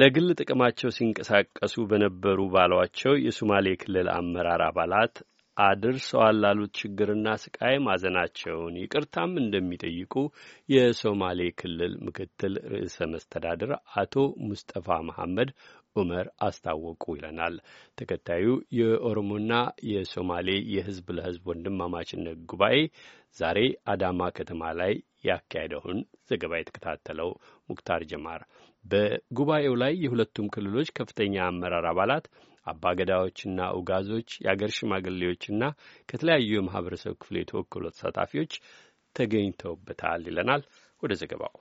ለግል ጥቅማቸው ሲንቀሳቀሱ በነበሩ ባሏቸው የሶማሌ ክልል አመራር አባላት አድርሰዋል ላሉት ችግርና ስቃይ ማዘናቸውን ይቅርታም እንደሚጠይቁ የሶማሌ ክልል ምክትል ርዕሰ መስተዳድር አቶ ሙስጠፋ መሐመድ ዑመር አስታወቁ ይለናል ተከታዩ የኦሮሞና የሶማሌ የህዝብ ለህዝብ ወንድማማችነት ጉባኤ ዛሬ አዳማ ከተማ ላይ ያካሄደውን ዘገባ የተከታተለው ሙክታር ጀማር በጉባኤው ላይ የሁለቱም ክልሎች ከፍተኛ አመራር አባላት አባገዳዎችና ኡጋዞች፣ የአገር ሽማግሌዎችና ከተለያዩ የማህበረሰብ ክፍል የተወከሉ ተሳታፊዎች ተገኝተውበታል ይለናል። ወደ ዘገባው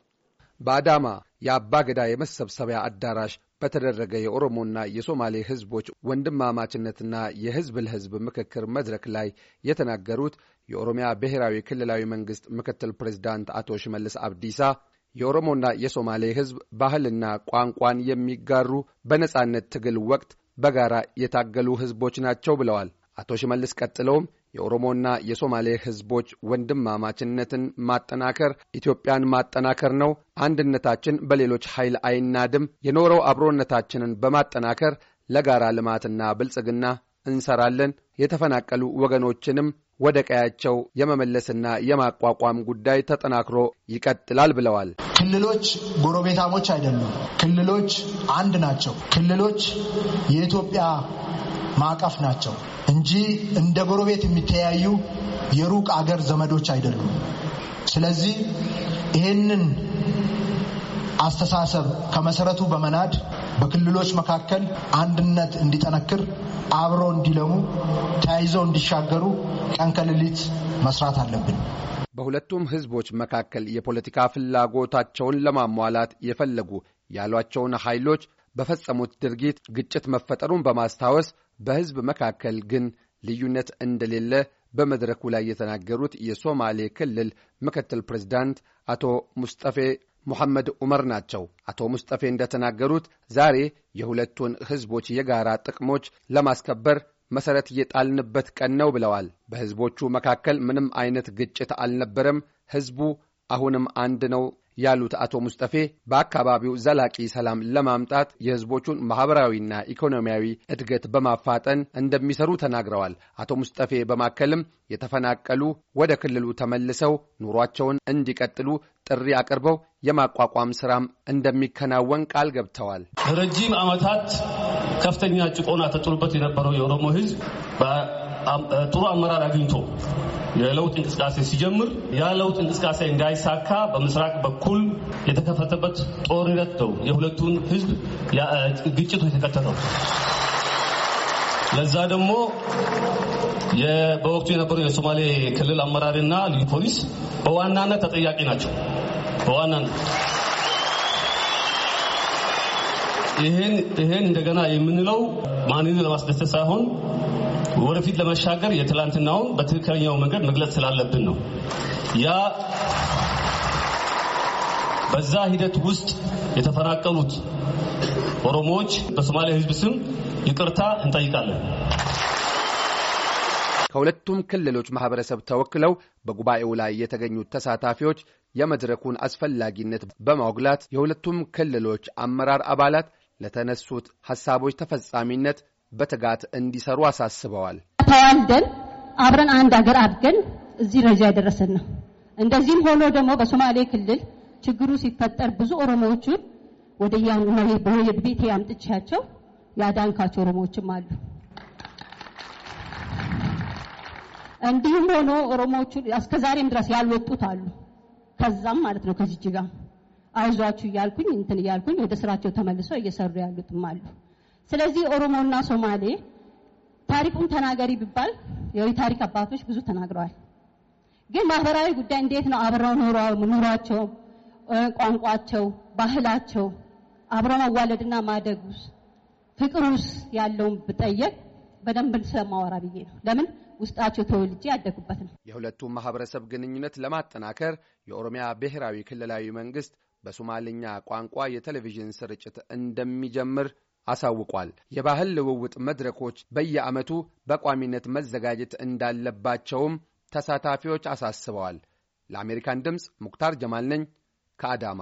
በአዳማ የአባገዳ የመሰብሰቢያ አዳራሽ በተደረገ የኦሮሞና የሶማሌ ህዝቦች ወንድማማችነትና የህዝብ ለህዝብ ምክክር መድረክ ላይ የተናገሩት የኦሮሚያ ብሔራዊ ክልላዊ መንግስት ምክትል ፕሬዚዳንት አቶ ሽመልስ አብዲሳ የኦሮሞና የሶማሌ ሕዝብ ባህልና ቋንቋን የሚጋሩ በነጻነት ትግል ወቅት በጋራ የታገሉ ሕዝቦች ናቸው ብለዋል አቶ ሽመልስ ቀጥለውም የኦሮሞና የሶማሌ ሕዝቦች ወንድማማችነትን ማጠናከር ኢትዮጵያን ማጠናከር ነው። አንድነታችን በሌሎች ኃይል አይናድም። የኖረው አብሮነታችንን በማጠናከር ለጋራ ልማትና ብልጽግና እንሰራለን። የተፈናቀሉ ወገኖችንም ወደ ቀያቸው የመመለስና የማቋቋም ጉዳይ ተጠናክሮ ይቀጥላል ብለዋል። ክልሎች ጎረቤታሞች አይደሉም። ክልሎች አንድ ናቸው። ክልሎች የኢትዮጵያ ማዕቀፍ ናቸው እንጂ እንደ ጎረቤት የሚተያዩ የሩቅ አገር ዘመዶች አይደሉም። ስለዚህ ይህንን አስተሳሰብ ከመሰረቱ በመናድ በክልሎች መካከል አንድነት እንዲጠነክር፣ አብረው እንዲለሙ፣ ተያይዘው እንዲሻገሩ ቀን ከሌሊት መስራት አለብን። በሁለቱም ህዝቦች መካከል የፖለቲካ ፍላጎታቸውን ለማሟላት የፈለጉ ያሏቸውን ኃይሎች በፈጸሙት ድርጊት ግጭት መፈጠሩን በማስታወስ በህዝብ መካከል ግን ልዩነት እንደሌለ በመድረኩ ላይ የተናገሩት የሶማሌ ክልል ምክትል ፕሬዚዳንት አቶ ሙስጠፌ ሙሐመድ ዑመር ናቸው። አቶ ሙስጠፌ እንደተናገሩት ዛሬ የሁለቱን ሕዝቦች የጋራ ጥቅሞች ለማስከበር መሠረት እየጣልንበት ቀን ነው ብለዋል። በሕዝቦቹ መካከል ምንም አይነት ግጭት አልነበረም። ሕዝቡ አሁንም አንድ ነው ያሉት አቶ ሙስጠፌ በአካባቢው ዘላቂ ሰላም ለማምጣት የህዝቦቹን ማህበራዊና ኢኮኖሚያዊ እድገት በማፋጠን እንደሚሰሩ ተናግረዋል። አቶ ሙስጠፌ በማከልም የተፈናቀሉ ወደ ክልሉ ተመልሰው ኑሯቸውን እንዲቀጥሉ ጥሪ አቅርበው የማቋቋም ስራም እንደሚከናወን ቃል ገብተዋል። ረጅም ዓመታት ከፍተኛ ጭቆና ተጥሎበት የነበረው የኦሮሞ ህዝብ ጥሩ አመራር አግኝቶ የለውጥ እንቅስቃሴ ሲጀምር ያ ለውጥ እንቅስቃሴ እንዳይሳካ በምስራቅ በኩል የተከፈተበት ጦርነት ነው የሁለቱን ህዝብ ግጭቱ የተከተተው። ለዛ ደግሞ በወቅቱ የነበሩ የሶማሌ ክልል አመራርና ልዩ ፖሊስ በዋናነት ተጠያቂ ናቸው። በዋናነት ይህን ይህን እንደገና የምንለው ማንን ለማስደሰት ሳይሆን ወደፊት ለመሻገር የትላንትናውን በትክክለኛው መንገድ መግለጽ ስላለብን ነው። ያ በዛ ሂደት ውስጥ የተፈናቀሉት ኦሮሞዎች በሶማሊያ ሕዝብ ስም ይቅርታ እንጠይቃለን። ከሁለቱም ክልሎች ማህበረሰብ ተወክለው በጉባኤው ላይ የተገኙት ተሳታፊዎች የመድረኩን አስፈላጊነት በማጉላት የሁለቱም ክልሎች አመራር አባላት ለተነሱት ሐሳቦች ተፈጻሚነት በትጋት እንዲሰሩ አሳስበዋል። ተዋልደን አብረን አንድ አገር አድገን እዚህ ደረጃ የደረሰን ነው። እንደዚህም ሆኖ ደግሞ በሶማሌ ክልል ችግሩ ሲፈጠር ብዙ ኦሮሞዎችን ወደ ቤቴ አምጥቻቸው ያዳንካቸው ኦሮሞዎችም አሉ። እንዲሁም ሆኖ ኦሮሞዎቹ እስከ ዛሬም ድረስ ያልወጡት አሉ። ከዛም ማለት ነው ከዚህ ጋር አይዟችሁ እያልኩኝ እንትን እያልኩኝ ወደ ስራቸው ተመልሰው እየሰሩ ያሉትም አሉ። ስለዚህ ኦሮሞና ሶማሌ ታሪኩን ተናገሪ ቢባል የታሪክ አባቶች ብዙ ተናግረዋል። ግን ማህበራዊ ጉዳይ እንዴት ነው አብረው ኑሯቸው፣ ቋንቋቸው፣ ባህላቸው አብረው መዋለድና ማደጉስ ፍቅሩስ ያለውን ብጠየቅ በደንብ ስለማወራ ብዬ ነው። ለምን ውስጣቸው ተወልጄ ያደጉበት ነው። የሁለቱም ማህበረሰብ ግንኙነት ለማጠናከር የኦሮሚያ ብሔራዊ ክልላዊ መንግስት በሶማልኛ ቋንቋ የቴሌቪዥን ስርጭት እንደሚጀምር አሳውቋል። የባህል ልውውጥ መድረኮች በየዓመቱ በቋሚነት መዘጋጀት እንዳለባቸውም ተሳታፊዎች አሳስበዋል። ለአሜሪካን ድምፅ ሙክታር ጀማል ነኝ ከአዳማ